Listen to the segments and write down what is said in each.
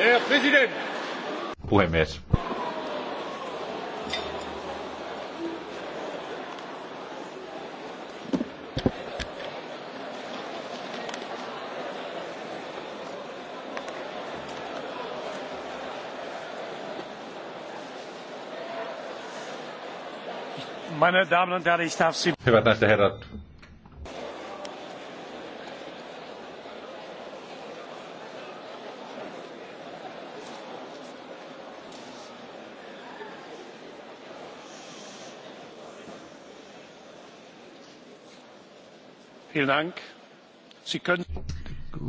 Herr Präsident! Puhemies. Hyvät naiset ja herrat,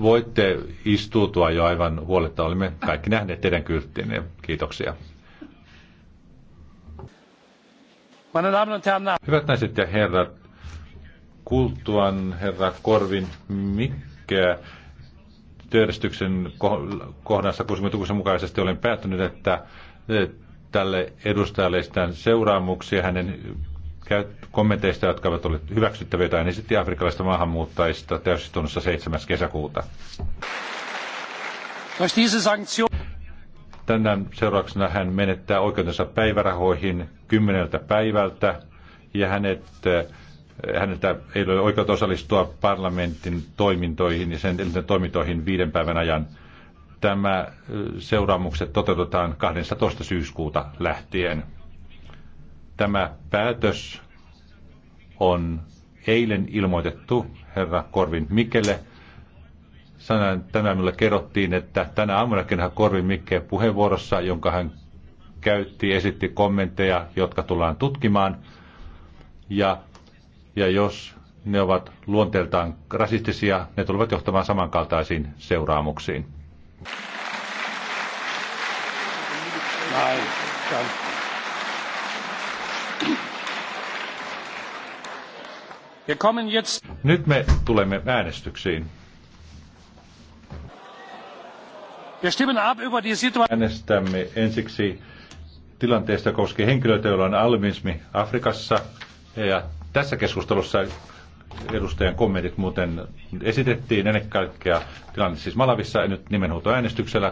Voitte istuutua jo aivan huoletta. Olemme kaikki nähneet teidän kylttinne. Kiitoksia. Hyvät naiset ja herrat, kulttuan herra Korvin Mikkeä työjärjestyksen kohdassa 166 mukaisesti olen päättänyt, että tälle edustajalle seuraamuksia hänen kommenteista, jotka ovat olleet hyväksyttäviä tai esitti afrikkalaista maahanmuuttajista täysistunnossa 7. kesäkuuta. Tänään seurauksena hän menettää oikeutensa päivärahoihin kymmeneltä päivältä ja hänet, eh, häneltä ei ole oikeutta osallistua parlamentin toimintoihin ja sen toimintoihin viiden päivän ajan. Tämä eh, seuraamukset toteutetaan 12. syyskuuta lähtien. Tämä päätös on eilen ilmoitettu herra Korvin Mikelle. Tänään minulle kerrottiin, että tänä aamunakin hän Korvin Mikke puheenvuorossa, jonka hän käytti, esitti kommentteja, jotka tullaan tutkimaan. Ja, ja jos ne ovat luonteeltaan rasistisia, ne tulevat johtamaan samankaltaisiin seuraamuksiin. Näin. Nyt me tulemme äänestyksiin. Äänestämme ensiksi tilanteesta koskee henkilöitä, joilla on albinismi Afrikassa. Ja tässä keskustelussa edustajan kommentit muuten esitettiin ennen kaikkea tilanne siis Malavissa ja nyt nimenhuutoäänestyksellä